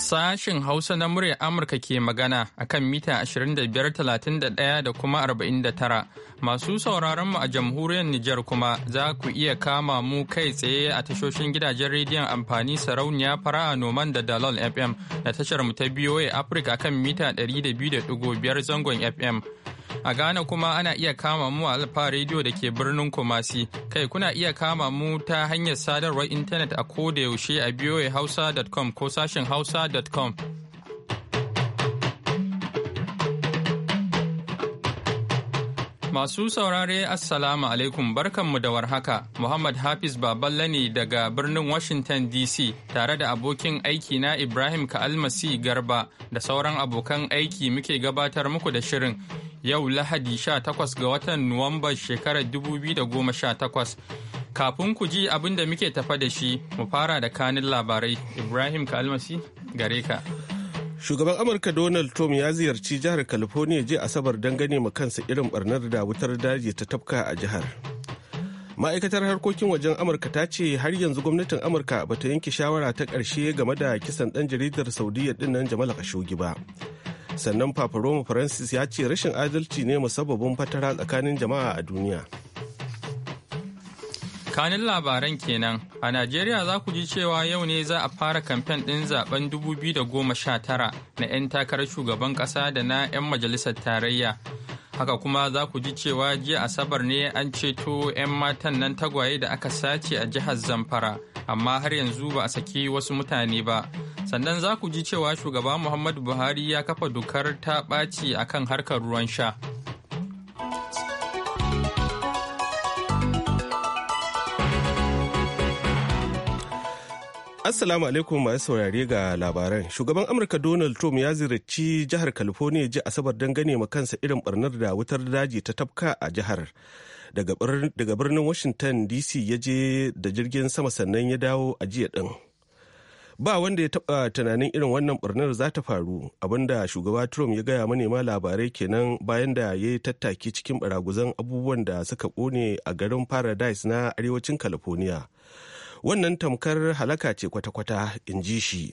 sashen Hausa na muryar Amurka ke magana a kan mita 25,31 da kuma 49. Masu sauraronmu a jamhuriyar Nijar kuma za ku iya kama mu kai tsaye a tashoshin gidajen rediyon amfani sarauniya fara'a noman da dalol FM da tashar mu ta afirka afirka kan mita 200.5 zangon FM. A Ghana kuma ana iya kama mu a Alfa rediyo da ke birnin Kumasi. Kai kuna iya kama mu ta hanyar sadarwar intanet a kodayaushe yaushe a voahausa.com ko sashen hausa.com. Masu saurare Assalamu alaikum barkanmu da warhaka. Muhammad Hafiz Baballa ne daga birnin Washington DC tare da abokin aiki na Ibrahim Ka'almasi Garba da sauran abokan aiki muke gabatar muku da shirin. Yau Lahadi 18 ga watan Nuwamba shekarar 2018. Kafin ku ji abin da muke tafa da shi, mu fara da kanin labarai. Ibrahim Ka'almasi gare ka. Shugaban Amurka Donald Trump ya ziyarci jihar California jiya Asabar don gane ma kansa irin barnar da wutar daji ta tafka a jihar. Ma'aikatar harkokin wajen Amurka ta ce har yanzu gwamnatin Amurka bata yanke shawara ta ƙarshe game da kisan ɗan jaridar Saudiya nan Jamal Khashoggi ba. Sannan Papa Roma Francis ya ce rashin adalci ne musabbabin fatara tsakanin jama'a a duniya. Kanin labaran kenan a Najeriya za ku ji cewa yau ne za a fara kamfen ɗin zaben 2019 na 'yan takarar shugaban ƙasa da na 'yan majalisar tarayya. Haka kuma za ku ji cewa jiya Asabar ne an ceto 'yan matan nan tagwaye da aka sace a jihar Zamfara, amma har yanzu ba a saki wasu mutane ba. Sannan za ku ji cewa shugaba Muhammadu Buhari ya kafa dokar ta ɓaci akan harkar ruwan sha. Assalamu alaikum masu saurare ga labaran. Shugaban Amurka Donald Trump ya ziyarci jihar California ji Asabar don gane ma kansa irin barnar da wutar daji ta tafka a jihar. Daga birnin Washington DC ya je da jirgin sama sannan ya dawo a jiya din. Ba wanda ya taba tunanin irin wannan barnar za ta faru abinda shugaba Trump ya gaya manema labarai kenan bayan da ya yi tattaki cikin baraguzan abubuwan da suka kone a garin Paradise na arewacin California. wannan tamkar halaka ce kwata-kwata in ji shi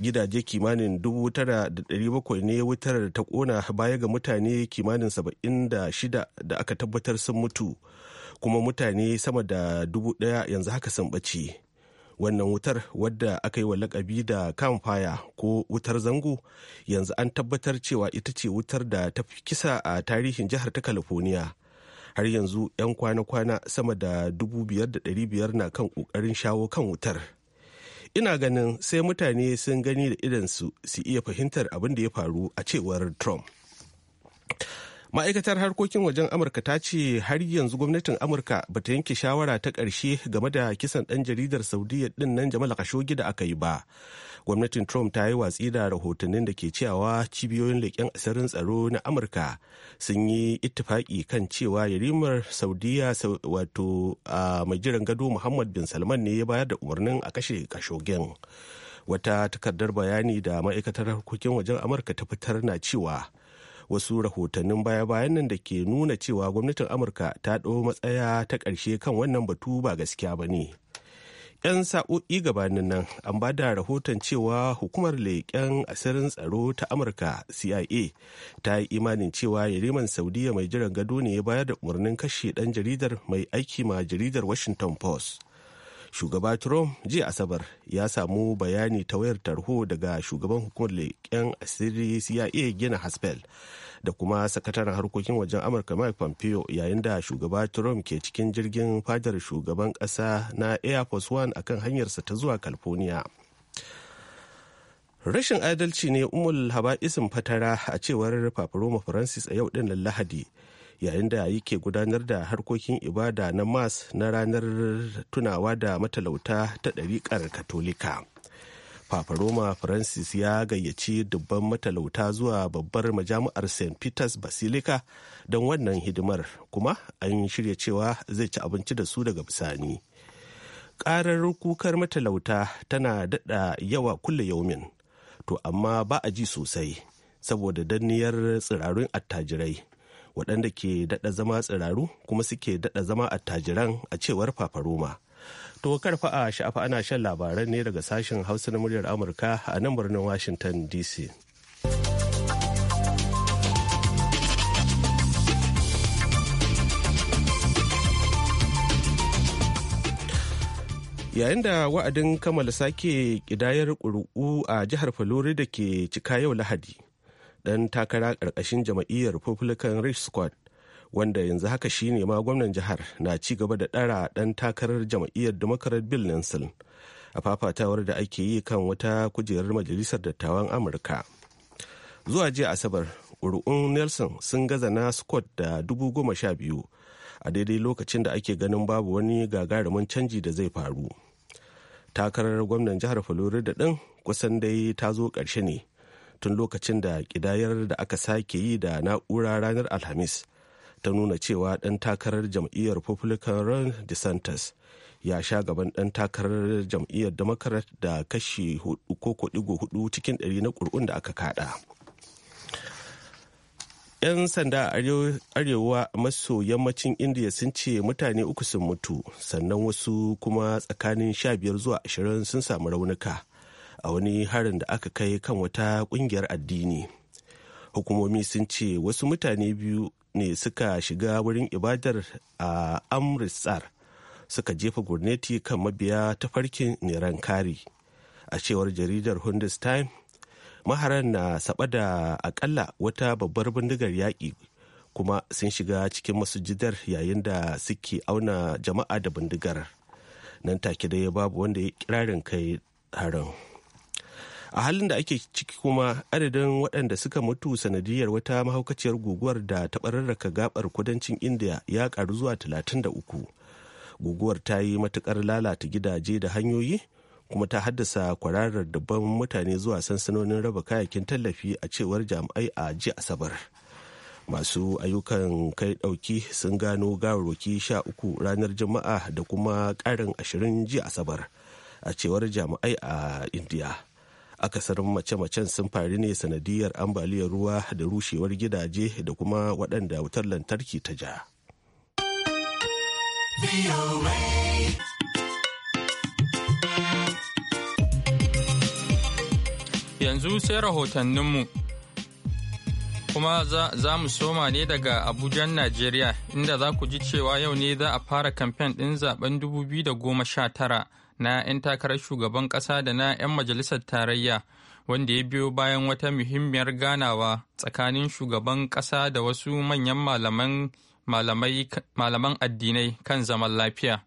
gidaje kimanin 9,700 ne wutar ta kona baya ga mutane kimanin 76 da aka tabbatar sun mutu kuma mutane sama da 1,000 yanzu haka sun ɓace wannan wutar wadda aka yi wa lakabi da kamfaya ko wutar zango yanzu an tabbatar cewa ita ce wutar da ta fi kisa a tarihin jihar ta california har yanzu 'yan kwana-kwana sama da 5,500 na kan ƙoƙarin shawo kan wutar ina ganin sai mutane sun gani da idansu su iya fahimtar abin da ya faru a cewar trump ma'aikatar harkokin wajen amurka ta ce har yanzu gwamnatin amurka ba ta yanke shawara ta ƙarshe game da kisan ɗan jaridar saudiya ɗin nan jamal khashoggi da aka yi ba gwamnatin trump ta yi watsi da rahotannin da ke cewa cibiyoyin leƙen asirin tsaro na amurka sun yi ittifaki kan cewa yarimar saudiya wato mai jiran gado muhammad bin salman ne ya bayar da umarnin a kashe kashogin wata takardar bayani da ma'aikatar harkokin wajen amurka ta fitar na cewa wasu rahotannin baya-bayan nan da ke nuna cewa gwamnatin amurka ta ɗau matsaya ta ƙarshe kan wannan batu ba gaskiya ba ne 'yan sa'o'i gabanin nan an ba da rahoton cewa hukumar leƙen asirin tsaro ta amurka cia ta yi imanin cewa yariman saudiya mai jiran gado ne ya bayar da umarnin kashe ɗan jaridar mai aiki ma jaridar washington post shugaba trump jiya asabar ya samu bayani ta wayar tarho daga shugaban hukumar leƙen asiri cia gina haspel da kuma sakataren harkokin wajen amurka mike pompeo yayin da shugaba trump ke cikin jirgin fadar shugaban kasa na air force one akan hanyarsa ta zuwa california rashin adalci ne umul haba'isin fatara a cewar paparoma francis a yau din lahadi yayin da yake gudanar da harkokin ibada na mas na ranar tunawa da matalauta ta ɗariƙar katolika Roma Francis ya gayyaci dubban matalauta zuwa babbar majami'ar St. Peter's Basilica don wannan hidimar kuma an shirya cewa zai ci abinci da su daga bisani. Karar kukar matalauta tana daɗa yawa kulle yaumin, to amma ba a ji sosai saboda danniyar tsirarun attajirai waɗanda ke daɗa zama tsiraru kuma suke daɗa zama attajiran a cewar Roma. To karfa a sha'afa ana shan labaran ne daga sashen Hausa na muryar Amurka a nan birnin Washington DC. Yayin da wa'adin kammala sake kidayar ƙuri'u a jihar Falori da ke cika yau Lahadi, ɗan takara ƙarƙashin jama'iyyar Republican Rich Squad wanda yanzu haka shi ne ma gwamnan jihar na ci gaba da ɗara ɗan takarar jam'iyyar democrat bill nelson a fafatawar da ake yi kan wata kujerar majalisar dattawan amurka zuwa jiya asabar ƙuri'un nelson sun gaza na scott da dubu goma sha biyu a daidai lokacin da ake ganin babu wani gagarumin canji da zai faru takarar gwamnan jihar florida ɗin kusan dai ta zo ƙarshe ne tun lokacin da ƙidayar da aka sake yi da na'ura ranar alhamis ta nuna cewa ɗan takarar jam'iyyar Republican Ron DeSantis ya sha gaban ɗan takarar jam'iyyar Democrat da kashi hudu cikin ɗari na ƙuri'un da aka kada. 'yan sanda a arewa maso yammacin indiya sun ce mutane uku sun mutu sannan wasu kuma tsakanin sha biyar zuwa ashirin sun samu raunuka a wani harin da aka kai kan wata kungiyar addini hukumomi sun ce wasu mutane biyu ne suka shiga wurin ibadar a amritsar suka jefa gurneti kan mabiya tafarkin niran kari a cewar jaridar time maharan na saba da akalla wata babbar bindigar yaƙi kuma sun shiga cikin masujidar yayin da suke auna jama'a da bindigar nan take dai babu wanda ya kirarin kai harin. a halin da ake ciki kuma adadin waɗanda suka mutu sanadiyar wata mahaukaciyar guguwar da ta ɓararraka gabar kudancin india ya karu zuwa 33 guguwar ta yi matukar lalata gidaje da hanyoyi kuma ta haddasa kwararar dabban mutane zuwa sansanonin raba kayakin tallafi a cewar jami'ai a ji asabar masu ayyukan kai ɗauki sun gano gawarwaki sha uku ranar juma'a da kuma ƙarin ashirin ji asabar a cewar jami'ai a indiya akasarin mace-macen sun faru ne sanadiyar ambaliyar ruwa da rushewar gidaje da kuma waɗanda wutar lantarki ta ja. Yanzu sai rahotanninmu kuma za mu soma ne daga Abujan Najeriya inda za ku ji cewa yau ne za a fara kamfen ɗin zaben 2019. na 'yan takarar shugaban ƙasa da na 'yan majalisar tarayya wanda ya biyo bayan wata muhimmiyar ganawa tsakanin shugaban ƙasa da wasu manyan malaman addinai kan zaman lafiya.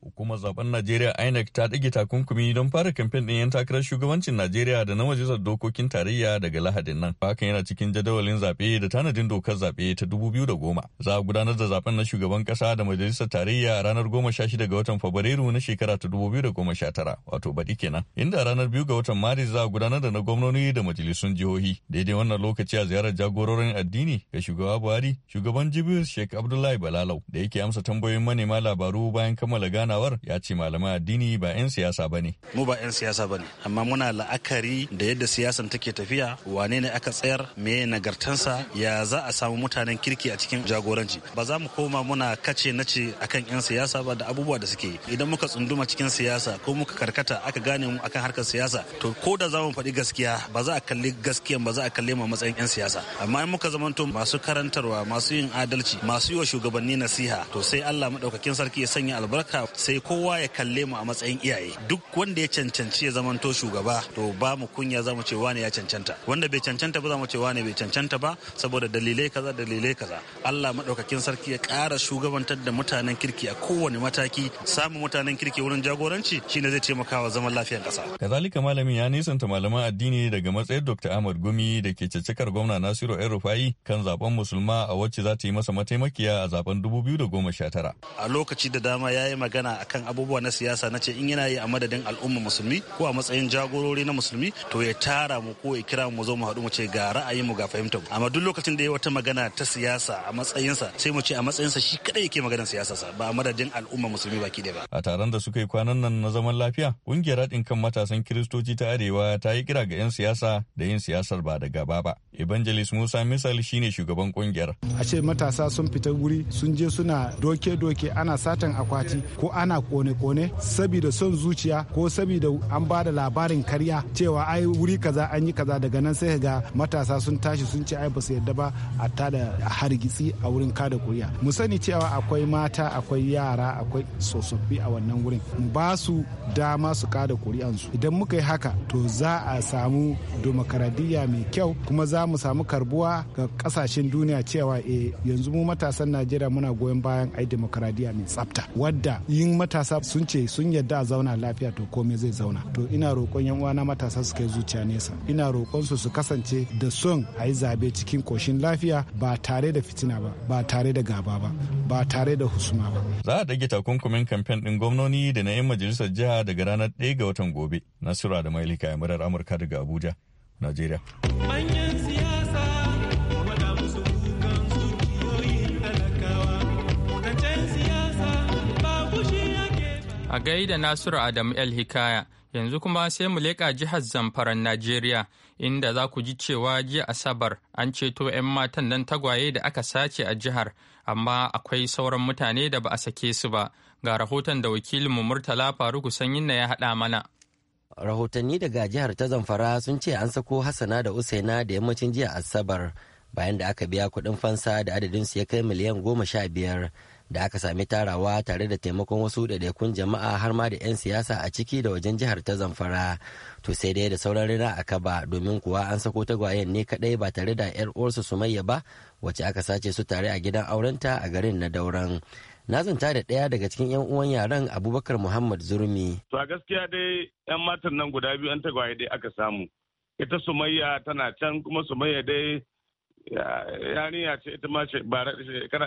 Hukumar zaben Najeriya INEC ta ɗage takunkumi don fara kamfen ɗin 'yan takarar shugabancin Najeriya da na majalisar dokokin tarayya daga Lahadin nan. Hakan yana cikin jadawalin zaɓe da tanadin dokar zaɓe ta da goma. Za a gudanar da zaben na shugaban ƙasa da majalisar tarayya ranar goma sha shida ga watan Fabrairu na shekara ta da goma sha tara wato baɗi kenan. Inda ranar biyu ga watan Maris za a gudanar da na gwamnoni da majalisun jihohi. Daidai wannan lokaci a ziyarar jagororin addini ga shugaba Buhari, shugaban jibril Sheikh Abdullahi Balalau da yake amsa tambayoyin manema labaru bayan kammala gana ganawar ya ce malaman addini ba 'yan siyasa ba ne. Mu ba 'yan siyasa ba ne, amma muna la'akari da yadda siyasan take tafiya wane ne aka tsayar me nagartansa ya za a samu mutanen kirki a cikin jagoranci. Ba za mu koma muna kace na ce akan 'yan siyasa ba da abubuwa da suke idan muka tsunduma cikin siyasa ko muka karkata aka gane mu akan harkar siyasa to ko da za mu faɗi gaskiya ba za a kalli gaskiya ba za a kalle mu matsayin 'yan siyasa amma in muka zamanto masu karantarwa masu yin adalci masu yi wa shugabanni nasiha to sai Allah madaukakin sarki ya sanya albarka sai kowa ya kalle mu a matsayin iyaye duk wanda ya cancanci ya zamanto shugaba to ba mu kunya za mu ce wane ya cancanta wanda bai cancanta ba za mu ce wane bai cancanta ba saboda dalilai kaza dalilai kaza Allah madaukakin sarki ya kara shugabantar da mutanen kirki a kowane mataki samun mutanen kirki wurin jagoranci shine zai taimakawa zaman lafiyar kasa. kazalika malamin ya nisanta malaman addini daga matsayin Dr. Ahmad Gumi da ke cecekar gwamna Nasiru El Rufai kan zaben musulma a wacce za ta yi masa mataimakiya a zaben 2019 a lokaci da dama yayi magana magana akan abubuwa na siyasa na ce in yana yi a madadin al'umma musulmi ko a matsayin jagorori na musulmi to ya tara mu ko ya kira mu zo mu haɗu mu ce ga ra'ayin mu ga fahimtar mu amma duk lokacin da ya wata magana ta siyasa a matsayinsa sai mu ce a matsayinsa shi kadai yake maganar siyasa sa ba a madadin al'umma musulmi baki da ba a taron da suka yi kwanan nan na zaman lafiya kungiyar haɗin kan matasan kiristoci ta arewa ta yi kira ga 'yan siyasa da yin siyasar ba da gaba ba evangelist musa misal shine shugaban kungiyar a ce matasa sun fita guri sun je suna doke-doke ana satan akwati ko ana kone-kone saboda son zuciya ko saboda an ba da labarin karya cewa ai wuri kaza an yi kaza daga nan sai ga matasa sun tashi sun ce ai ba su yadda ba a tada hargitsi a wurin kada kuriya mu sani cewa akwai mata akwai yara akwai tsofaffi a wannan wurin mu ba su dama su kada kuri'ansu idan muka yi haka to za a samu demokaradiyya mai kyau kuma za mu samu karbuwa ga kasashen duniya cewa e yanzu mu matasan najeriya muna goyon bayan ai demokaradiyya mai tsafta wadda yin in matasa sun ce sun yadda a zauna lafiya to komai zai zauna to ina roƙon yan uwana matasa su kai zuciya nesa ina roƙon su su kasance da son a yi zabe cikin koshin lafiya ba tare da fitina ba ba tare da gaba ba ba tare da husuma ba za a dage takunkumin kamfen din gwamnoni da na yan majalisar jiha daga ranar 1 ga watan gobe nasura da mailika murar amurka daga abuja najeriya A gaida Nasiru adamu El Hikaya, yanzu kuma sai mu leƙa jihar Zamfara Najeriya, inda za ku ji cewa jiya Asabar an ceto 'yan matan nan tagwaye da aka sace a jihar, amma akwai sauran mutane da ba a sake su ba. Ga rahoton da wakilinmu Murtala Faruku na ya haɗa mana. Rahotanni daga jihar ta Zamfara sun ce an sako Hassana da Usaina da yammacin jiya Asabar bayan da aka biya kuɗin fansa da adadinsu ya kai miliyan goma sha biyar da aka sami tarawa tare da taimakon wasu ɗaiɗaikun jama'a har ma da 'yan siyasa a ciki da wajen jihar ta zamfara to sai dai da sauran rina a kaba domin kuwa an sako tagwayen ne kadai ba tare da 'yar uwarsu sumayya ba wacce aka sace su tare a gidan aurenta a garin na dauran na zanta da ɗaya daga cikin 'yan uwan yaren abubakar muhammad zurmi to a gaskiya dai 'yan matan nan guda biyu an tagwaye dai aka samu ita sumayya tana can kuma sumayya dai yarinya ce ita ma shekara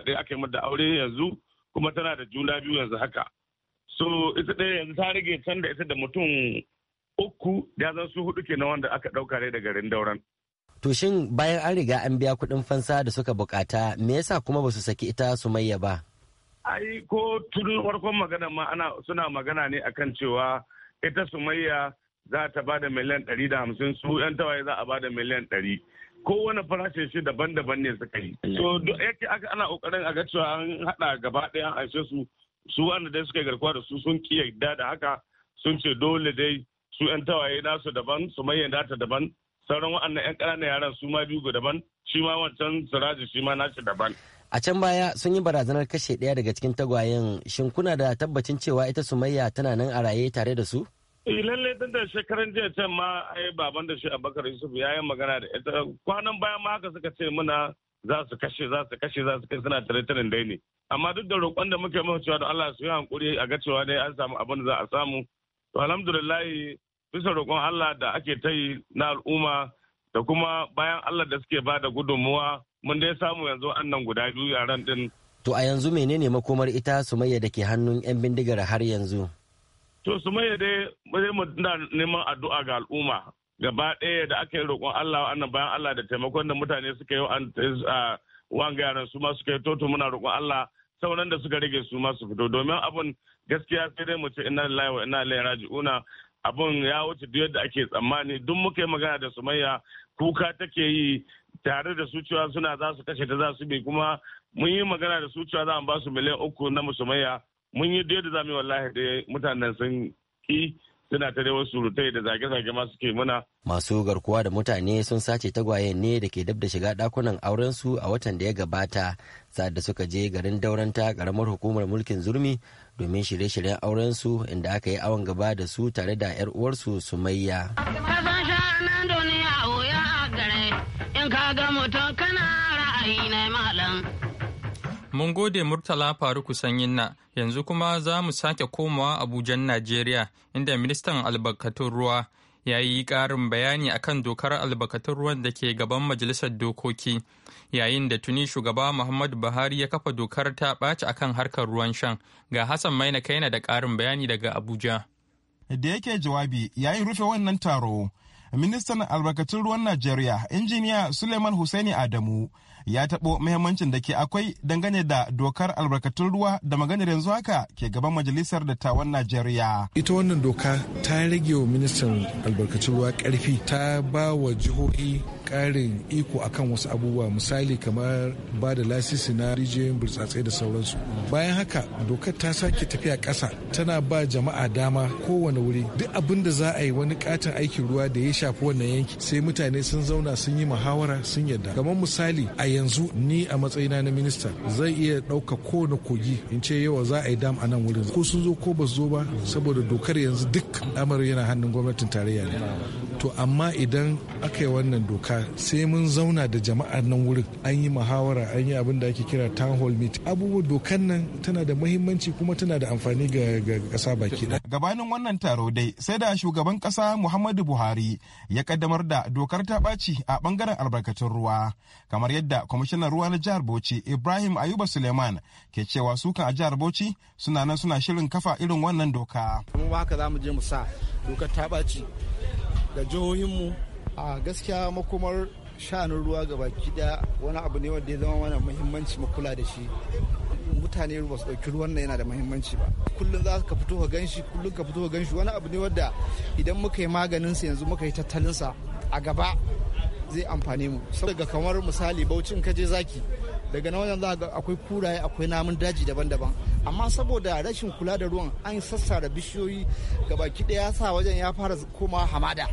ɗaya aka yi mata aure yanzu kuma tana da juna biyu yanzu haka so ita ɗaya yanzu ta rage can da ita da mutum uku ya zan su hudu kenan wanda aka ɗauka ne daga rindauran. to shin bayan an riga an biya kuɗin fansa da suka bukata me yasa kuma ba su saki ita sumayya ba ai ko tun farkon magana ma ana suna magana ne akan cewa ita sumayya za ta ba da miliyan ɗari da hamsin su yan tawaye za a ba da miliyan ɗari kowane farashin shi daban-daban ne suka yi so yake aka ana kokarin a ga cewa an hada gaba ɗaya an aishe su su wanda dai suka garkuwa da su sun ki yarda da haka sun ce dole dai su yan tawaye nasu daban su mayan data daban sauran wa'annan yan kananan yaran su ma biyu daban shi ma wancan siraji shi ma nashi daban a can baya sun yi barazanar kashe ɗaya daga cikin tagwayen shin kuna da tabbacin cewa ita sumayya tana nan a raye tare da su Eh, lalle dan da shekaran jiya can ma ai baban da shi abakar yusuf ya yi magana da ita kwanan bayan ma haka suka ce muna za su kashe za su kashe za su kai suna tare tare dai ne amma duk da roƙon da muke mahu cewa da Allah su yi hankuri a ga cewa dai an samu abin da za a samu to alhamdulillah bisa roƙon Allah da ake ta yi na al'umma da kuma bayan Allah da suke bada da gudunmuwa mun dai samu yanzu annan guda biyu yaran din to a yanzu menene makomar ita sumayya da ke hannun yan bindigar har yanzu To su maye dai mu da neman addu'a ga al'umma gaba ɗaya da aka yi roƙon Allah annan bayan Allah da taimakon da mutane suka yi wanga yaran su ma suka yi toto muna roƙon Allah sauran da suka rage su ma su fito domin abun gaskiya sai dai mu ce ina lillahi wa inna ilaihi raji'una abun ya wuce duk yadda ake tsammani duk muka yi magana da Sumayya kuka take yi tare da su cewa suna za su kashe ta za su bi kuma mun yi magana da su cewa za mu ba su miliyan uku na musumayya mun yi da zamu yi wallahi da mutanen sun ki suna ta dai wasu rutai da zage-zage ma suke muna. Masu garkuwa da mutane sun sace tagwayen ne da ke dab da shiga dakunan aurensu a watan da ya gabata sa da suka je garin dauranta karamar hukumar mulkin zurmi domin shirye-shiryen aurensu inda aka yi awon gaba da su tare da 'yar uwarsu sumayya. in ka ga mutum kana ra'ayi na malam Mun gode Murtala Faruku Sanyin na yanzu kuma za mu sake komawa abuja Najeriya inda ministan albarkatun ruwa ya yi ƙarin bayani akan dokar albarkatun ruwan da ke gaban majalisar dokoki yayin da tuni shugaba Muhammadu Buhari ya kafa dokar ta ɓaci akan harkar ruwan shan ga Hassan Maina Kaina da karin bayani daga Abuja. Da yake jawabi yayin rufe wannan taro ministan albarkatun ruwan Najeriya injiniya Suleiman Hussaini Adamu ya taɓo muhimmancin da ke akwai dangane da dokar albarkatun ruwa da maganar yanzu haka ke gaban majalisar dattawan Najeriya. Ita wannan doka ta rage wa ministan albarkatun ruwa karfi ta ba wa jihohi ƙarin iko akan wasu abubuwa misali kamar ba da lasisi na rijiyoyin burtsatsai da sauransu. Bayan haka dokar ta sake tafiya ƙasa tana ba jama'a dama kowane wuri duk abin da za a yi wani katin aikin ruwa da ya shafi wannan yanki sai mutane sun zauna sun yi muhawara sun yadda. Kamar misali a yanzu ni a matsayina na minista zai iya ɗauka kowane kogi in ce yawa za a yi dam a nan wurin ko sun zo ko ba zo ba saboda dokar yanzu duk amarin yana hannun gwamnatin tarayya ne to amma idan aka yi wannan doka sai mun zauna da jama'a nan wurin an yi muhawara an yi abin da ake kira town hall meet abubuwan dokan nan tana da muhimmanci kuma tana da amfani ga kasa baki ɗaya gabanin wannan taro dai sai da shugaban ƙasa muhammadu buhari ya kaddamar da dokar ta ɓaci a ɓangaren albarkatun ruwa kamar yadda kwamishinan ruwa na jihar Bauchi Ibrahim Ayuba Suleiman ke cewa sukan a jihar Bauchi suna nan suna shirin kafa irin wannan doka. Mun ba haka za mu je mu sa dokar ta ɓaci da jihohinmu a gaskiya makomar shanun ruwa gaba da wani abu ne wanda ya zama mana muhimmanci mu kula da shi mutane ba su ɗauki ruwan yana da muhimmanci ba kullum za ka fito ka ganshi kullum ka fito ka ganshi wani abu ne wanda idan muka yi maganin sa yanzu muka yi tattalin sa a gaba zai amfane mu daga kamar misali baucin je zaki daga na wajen za akwai kuraye akwai namun daji daban-daban amma saboda rashin kula da ruwan an sassara bishiyoyi ga baki daya sa wajen ya fara koma hamada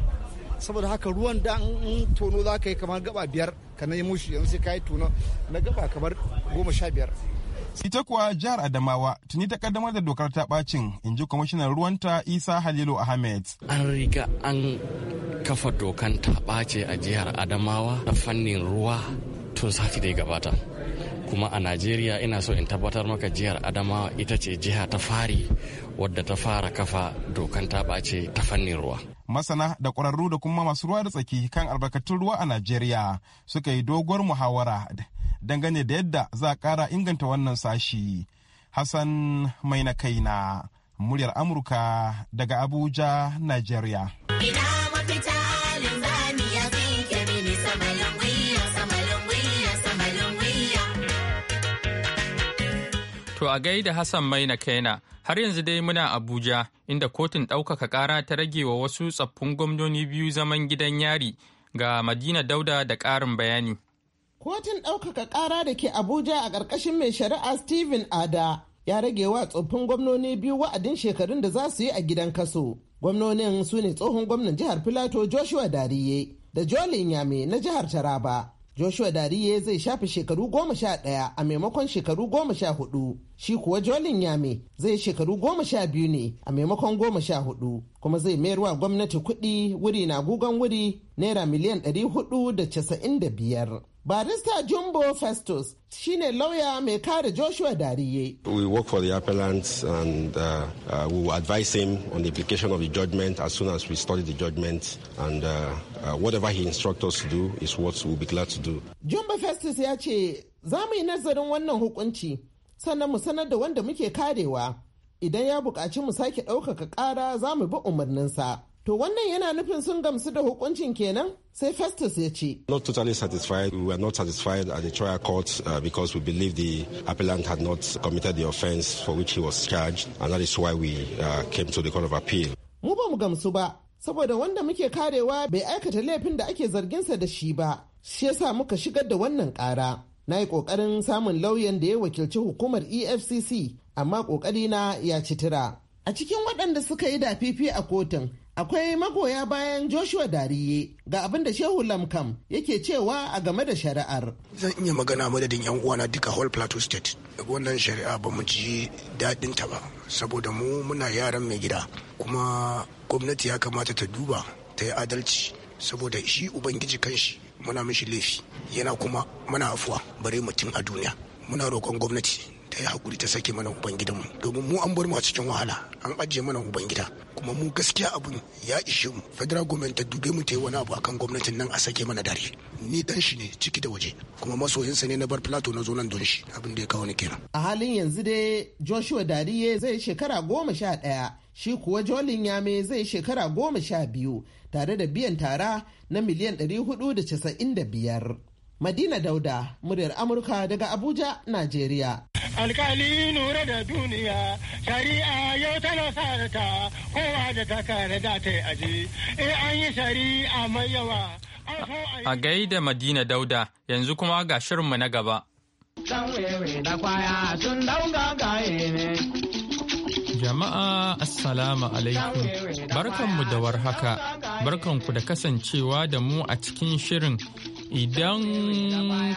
saboda haka ruwan da in tono za ka yi kamar gaba biyar ka na yi mushi yanzu sai ka yi tono na gaba kamar goma sha biyar Ita kuwa jihar Adamawa tuni ta kaddamar da dokar ta bacin in ji kwamishinan ruwanta Isa Halilu Ahmed. An riga an kafa dokan ta ɓace a jihar Adamawa na fannin ruwa tun sati da ya gabata. Kuma a Najeriya ina so in tabbatar maka jihar Adamawa ita ce jiha ta fari wadda ta fara kafa dokan ta ɓace ta fannin ruwa. masana da ƙwararru da kuma masu ruwa da tsaki kan albarkatun ruwa a Najeriya suka yi doguwar muhawara dangane da yadda za a kara inganta wannan sashi. Hassan mai na kaina muryar Amurka daga Abuja, Nigeria. To a gaida Hassan kai Kaina, har yanzu dai muna Abuja, inda kotun ɗaukaka ƙara ta rage wa wasu tsaffin gwamnoni biyu zaman gidan yari ga Madina Dauda da ƙarin bayani. Kotun ɗaukaka ƙara da ke Abuja a ƙarƙashin mai shari'a Stephen Ada ya rage wa tsoffin gwamnoni biyu wa'adin shekarun da za su yi a gidan kaso. Gwamnonin su ne tsohon gwamnan jihar Filato Joshua Dariye da Jolin Yame na jihar Taraba. Joshua Dariye zai shafe shekaru goma sha ɗaya a maimakon shekaru goma sha hudu. Shi kuwa Jolin Yame zai shekaru goma sha biyu ne a maimakon goma sha hudu. Kuma zai mayar wa gwamnati kuɗi wuri na gugan wuri naira miliyan ɗari hudu da casa'in da biyar. Barista Jumbo Festus shine lauya mai kare Joshua Dariye. We work for the appellant and uh, uh, we will advise him on the application of the judgment as soon as we study the judgment and uh, uh whatever he instructs us to do is what we will be glad to do. Jumbo Festus ya ce za mu yi nazarin wannan hukunci sannan mu sanar da wanda muke karewa idan ya buƙaci mu sake ɗaukaka ƙara za mu bi umarninsa. To wannan yana nufin sun gamsu da hukuncin kenan? Sai Festus ya ce. Not totally satisfied. We were not satisfied at the trial court uh, because we believe the appellant had not committed the offense for which he was charged and that is why we uh, came to the court of appeal. Mu ba mu gamsu ba, saboda wanda muke karewa bai aikata laifin da ake zarginsa da shi ba. Shi yasa muka shigar da wannan ƙara. Na yi ƙoƙarin samun lauyan da ya wakilci hukumar EFCC, amma ƙoƙarina ya ci tira. A cikin waɗanda suka yi da fifi a kotun, akwai magoya bayan joshua dariye ga abin da shehu lamkam yake cewa a game da shari'ar zan iya magana madadin yan uwana duka whole plateau state wannan shari'a ba mu ji daɗin ta ba saboda mu muna yaran mai gida kuma gwamnati ya kamata ta duba ta yi adalci saboda shi ubangiji kanshi muna mishi laifi yana kuma mana afuwa bare mutum a duniya muna roƙon gwamnati ta yi hakuri ta sake mana ubangidanmu domin mu an bar mu a cikin wahala an ajiye mana ubangida kuma mu gaskiya abun ya ishe mu federal government ta dube mu ta yi wani abu akan gwamnatin nan a sake mana dare ni dan shi ne ciki da waje kuma masoyinsa ne na bar plateau na zo nan don shi abin da ya kawo ni kenan a halin yanzu dai joshua dariye zai shekara goma sha ɗaya shi kuwa jolin yame zai shekara goma sha biyu tare da biyan tara na miliyan ɗari hudu da casa'in da biyar Madina Dauda, muryar Amurka daga Abuja, Najeriya. Alkali nura da duniya, shari'a yau tana sarata, kowa da ta kare da ta aji, in eh, an yi shari'a mai yawa. A gaida Madina Dauda, yanzu kuma ga shirinmu na gaba. Jama'a Assalamu alaikum, barkanmu da warhaka, barkanku da kasancewa da mu a cikin shirin Idan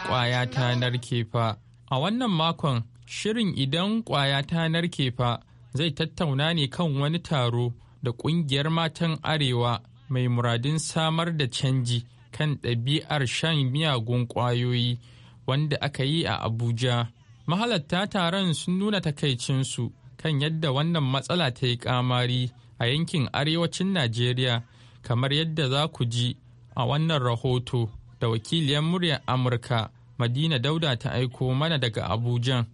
kwaya ta narke fa, a wannan makon shirin idan kwaya ta narke fa zai tattauna ne kan wani taro da ƙungiyar matan Arewa mai muradin samar da canji kan ɗabi'ar shan miyagun ƙwayoyi wanda aka yi a Abuja. Mahalatta taron sun nuna takaicinsu kan yadda wannan matsala ta yi kamari a yankin arewacin Najeriya kamar yadda za ku ji a wannan rahoto. da wakiliyar muryar Amurka Madina Dauda ta aiko mana daga Abuja.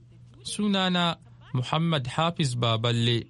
Sunana Muhammad Hafiz Baballe.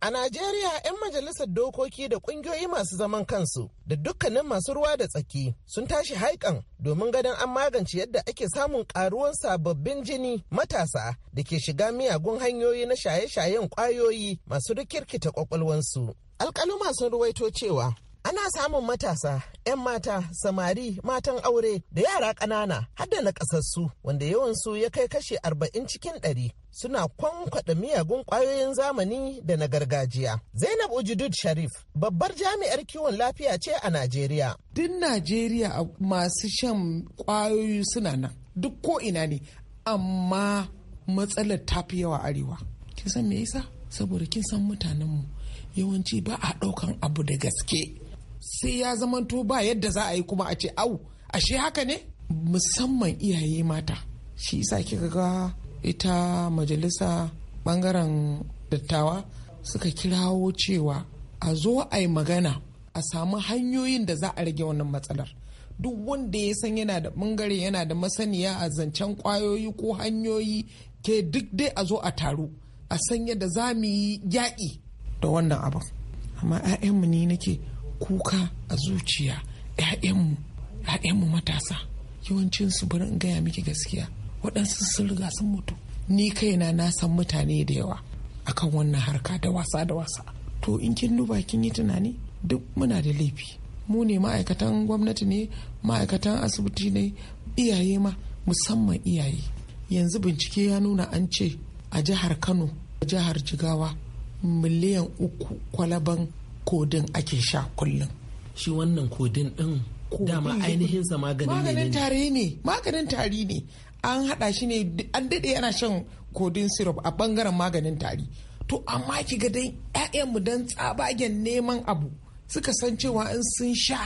A Najeriya, 'yan majalisar dokoki da ƙungiyoyi masu zaman kansu da dukkanin masu ruwa da tsaki sun tashi haikan domin ganin an magance yadda ake samun ƙaruwan sababbin jini matasa da ke shiga miyagun hanyoyi na shaye-shayen ƙwayoyi masu rikirkita ƙwaƙwalwansu. alkaluma sun ruwaito cewa ana samun matasa 'yan mata samari matan aure da yara ƙanana har da nakasassu wanda yawansu ya kai kashe arba'in cikin ɗari suna kwankwaɗa miyagun ƙwayoyin zamani da na gargajiya zainab ujudud sharif babbar jami'ar kiwon lafiya ce a najeriya duk najeriya masu shan ƙwayoyi suna nan duk ko ina ne amma matsalar tafi yawa arewa kin san me yasa saboda kin san mutanenmu yawanci ba a ɗaukan abu da gaske sai ya zamanto ba yadda za a yi kuma a ce au ashe haka ne musamman iyaye mata shi isa kika ga ita majalisa bangaren dattawa suka kirawo cewa a zo a yi magana a samu hanyoyin da za a rage wannan matsalar duk wanda ya san yana da bangare yana da masaniya a zancen kwayoyi ko hanyoyi ke duk dai a zo a taru a san yadda za mu yi yaƙi da wannan abin amma 'ya'yanmu ne nake kuka a zuciya 'ya'yanmu mu matasa yawancinsu bari in gaya miki gaskiya waɗansu sun riga sun mutu ni kaina na san mutane da yawa akan wannan harka da wasa da wasa to in kin duba kin yi tunani duk muna da laifi mu ne ma'aikatan gwamnati ne ma'aikatan asibiti ne iyaye ma musamman iyaye yanzu bincike ya nuna an ce a jihar kano jihar jigawa miliyan uku kwalaban kodin ake sha kullum shi wannan kodin din dama ainihin sa maganin maganin tari ne maganin tari ne an haɗa shi ne an dade yana shan kodin syrup a ɓangaren maganin tari to amma ki ga dai ƴaƴan mu dan tsabagen neman abu suka san cewa in sun sha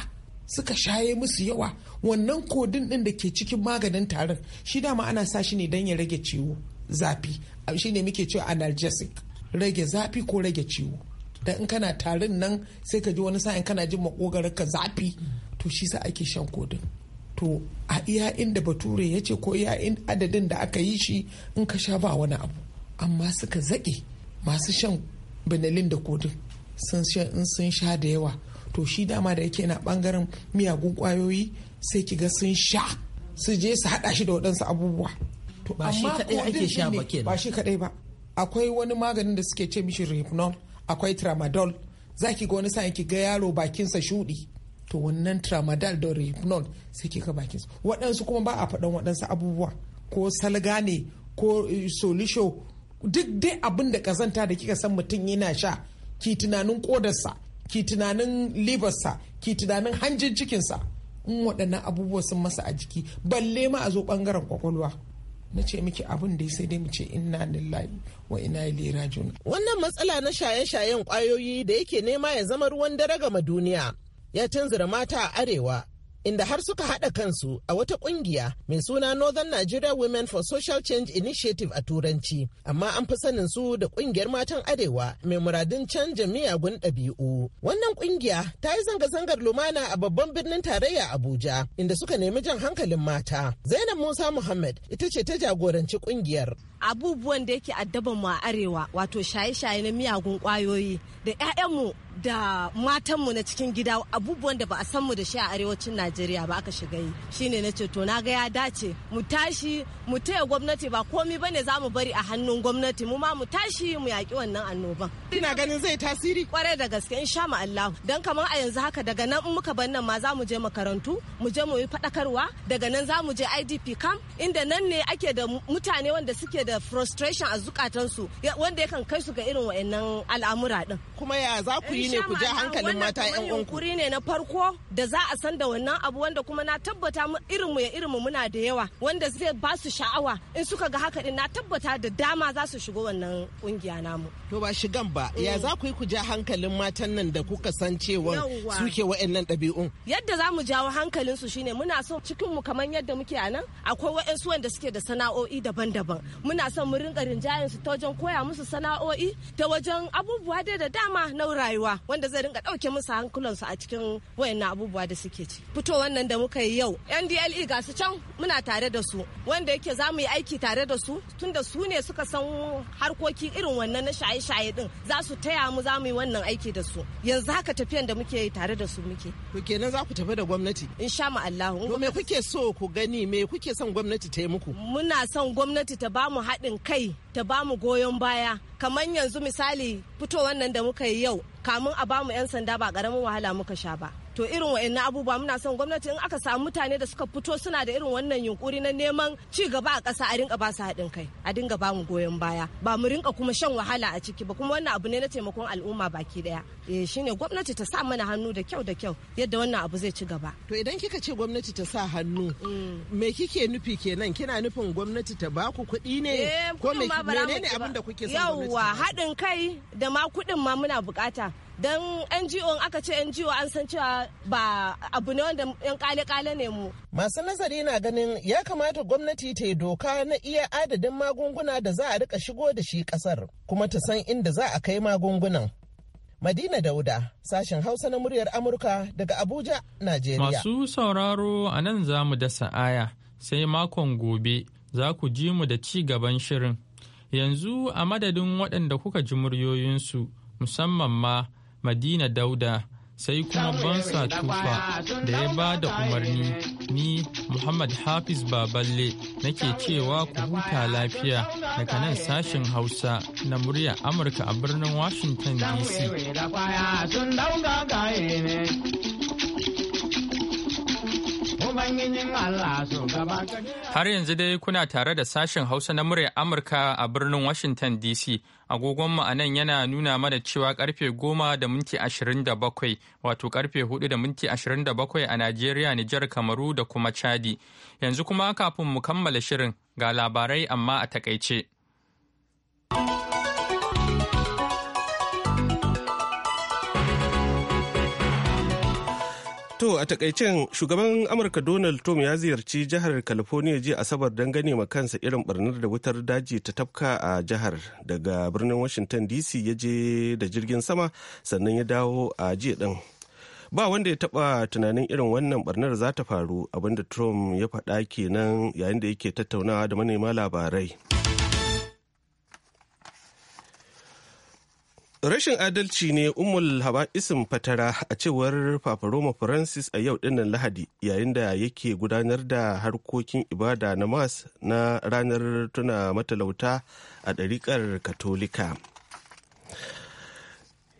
suka shaye musu yawa wannan kodin ɗin da ke cikin maganin tarin shi dama ana sa shi ne don ya rage ciwo zafi shi ne muke cewa analgesic rage zafi ko rage ciwo da in kana tarin nan sai ka ji wani sa'in kana jin makogarar ka zafi to shi sa ake shan kodin to a iya inda bature ya ce ko iya adadin da aka yi shi in ka sha ba wani abu amma suka zaƙe masu shan benelin da kodin sun in sun sha da yawa to shi dama da yake na bangaren miyagun kwayoyi sai ki ga sun sha su je su hada shi da waɗansu abubuwa to ba shi kadai ake sha ba akwai wani maganin da suke ce mishi rehnol akwai tramadol za ki ga wani sa'in ki ga yaro bakinsa shuɗi to wannan tramadol da rebnol sai ki ga bakinsa waɗansu kuma ba a faɗan waɗansu abubuwa ko salga ne ko eh, solisho duk dai abin da kazanta da kika san mutum yana sha ki tunanin kodarsa ki tunanin liversa ki tunanin hanjin cikinsa in waɗannan abubuwa sun masa a jiki balle ma a zo ɓangaren kwakwalwa na ce miki abin da ya sai dai mu ce inna lillahi wa inna ilaihi rajiun wannan matsala na shaye-shayen kwayoyi da yake nema ya zama ruwan dare ga duniya ya tunzura mata a arewa inda har suka haɗa kansu a wata ƙungiya mai suna Northern Nigeria Women for Social Change Initiative a Turanci, amma an fi sanin su da ƙungiyar matan Arewa mai muradin canja miyagun ɗabi'u. Wannan ƙungiya ta yi zanga-zangar lumana a babban birnin tarayya Abuja, inda suka nemi jan hankalin mata. Zainab Musa Muhammad ita ce ta jagoranci ƙungiyar. Abubuwan da yake addaban mu a Arewa, wato shaye-shaye na miyagun ƙwayoyi da 'ya'yanmu da matanmu na cikin gida abubuwan da ba a san mu da shi a arewacin najeriya ba aka shiga yi shine na ce to na ga ya dace mu tashi mu taya gwamnati ba komi bane za mu bari a hannun gwamnati mu ma mu tashi mu yaƙi wannan annoban ina ganin zai tasiri kwarai da gaske insha ma Allah dan kamar a yanzu haka daga nan muka bar nan ma za mu je makarantu mu je mu yi fadakarwa daga nan za mu je IDP camp inda nan ne ake da mutane wanda suke da frustration a zukatansu wanda yakan kai su ga irin wa'annan al'amura din kuma ya za ku yi shine ku ja hankalin mata yan uwan ku ne na farko da za a san da wannan abu wanda kuma na tabbata mu irin mu ya irin mu muna da yawa wanda zai ba su sha'awa in suka ga haka din na tabbata da dama za su shigo wannan kungiya namu to ba shigan ba ya mm. za ku yi ku ja hankalin matan nan da kuka san cewa suke wa'annan ɗabi'un yadda za mu jawo hankalin su shine muna so cikin mu kamar yadda muke a nan akwai wa'ansu wanda suke da sana'o'i daban-daban muna son mu rinka rinjayen su ta wajen koya musu sana'o'i ta wajen abubuwa dai da dama na rayuwa wanda zai rinka ɗauke musu hankulansu a cikin wayannan abubuwa da suke ci fito wannan da muka yi yau ndle ga su can muna tare da su wanda yake za mu yi aiki tare da su tunda su ne suka san harkoki irin wannan na shaye-shaye din za su taya mu za mu yi wannan aiki da su yanzu haka tafiyan da muke yi tare da su muke to kenan za ku tafi da gwamnati insha mu Allah to me kuke so ku gani me kuke son gwamnati ta yi muku muna son gwamnati ta bamu haɗin kai ta bamu goyon baya kamar yanzu misali fito wannan da muka yi yau kamun a bamu 'yan sanda ba ƙaramin wahala muka sha ba. to irin wa'annan abubuwa muna son gwamnati in aka samu mutane da suka fito suna da irin wannan yunkuri na neman ci gaba a ƙasa a rinka ba su haɗin kai a dinga ba mu goyon baya ba mu rinka kuma shan wahala a ciki ba kuma wannan abu ne na taimakon al'umma baki ɗaya eh shine gwamnati ta sa mana hannu da kyau da kyau yadda wannan abu zai ci gaba to idan kika ce gwamnati ta sa hannu mm. me kike nufi kenan kina nufin gwamnati ta ba ku kuɗi ne eh, ko menene abin da kuke son gwamnati yawwa haɗin kai da ma kuɗin ma muna bukata don ngo aka ce ngo an san cewa ba abu ne wanda yan kale-kale ne mu masu nazari na ganin ya kamata gwamnati ta yi doka na iya adadin magunguna da za a rika shigo da shi kasar kuma ta san inda za a kai magungunan Madina Dauda, sashen Hausa na muryar Amurka daga Abuja, Najeriya. Masu sauraro a nan za mu dasa aya, sai makon gobe za ku ji mu da ci gaban shirin. Yanzu a madadin waɗanda kuka ji muryoyinsu, musamman ma Madina Dauda sai kuma Bansa Tufa da ya ba da umarni ni Muhammad Hafiz Baballe nake cewa ku huta lafiya daga nan sashen Hausa na murya Amurka a birnin Washington DC. Har yanzu dai kuna tare da sashen Hausa na muryar Amurka a birnin Washington DC. agogon mu a nan yana nuna mana cewa karfe goma da minti bakwai wato karfe hudu da minti bakwai a Najeriya, Nijar, Kamaru da kuma Chadi. Yanzu kuma kafin mu kammala shirin ga labarai amma a takaice. To a takaicen shugaban Amurka Donald Trump ya ziyarci jihar California jiya Asabar don gane ma kansa irin barnar da wutar daji ta tafka a jihar daga birnin Washington DC ya je da jirgin sama sannan ya dawo a jiya din. Ba wanda ya taba tunanin irin wannan barnar za ta faru abinda Trump ya faɗa kenan yayin da yake tattaunawa da manema labarai. Rashin adalci ne Ummul Haba'isin Fatara a cewar fafaroma Francis a yau dinnan Lahadi yayin da yake gudanar da harkokin ibada na mas na ranar tuna matalauta a ɗariƙar Katolika.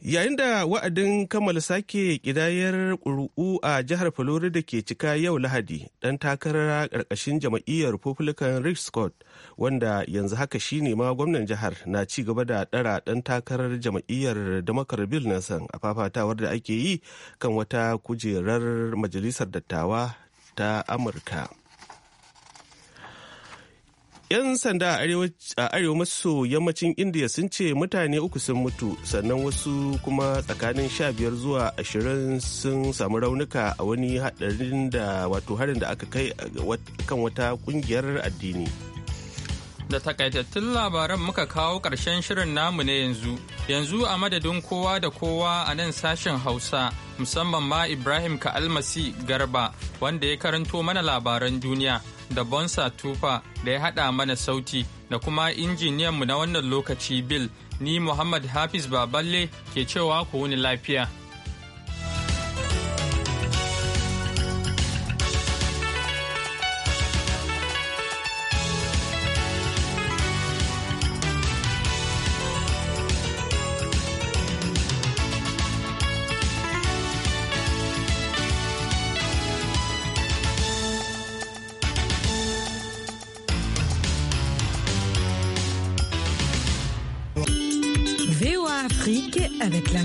Yayin da wa'adin kammala sake kidayar ƙuri'u a jihar Florida ke cika yau Lahadi, ɗan takarar ƙarƙashin jam'iyyar Republican Rick Scott, wanda yanzu haka shine ma gwamnan jihar na ci gaba da ɗara ɗan takarar jam'iyyar Democrat Bill Nelson a fafatawar da ake yi kan wata kujerar majalisar dattawa ta Amurka. 'Yan sanda a arewa maso yammacin Indiya sun ce mutane uku sun mutu sannan wasu kuma tsakanin sha biyar zuwa ashirin sun samu raunuka a wani haɗarin da wato harin da aka kai kan wata ƙungiyar addini. da takaitattun labaran muka kawo ƙarshen shirin namu na yanzu. Yanzu a madadin kowa da kowa a nan sashen Hausa, musamman ma Ibrahim Ka'almasi Garba, wanda ya karanto mana labaran duniya, da Bonsa Tufa da ya haɗa mana sauti, da kuma injiniyanmu na wannan lokaci Bill, ni Muhammad Hafiz Baballe ke cewa ku wuni lafiya.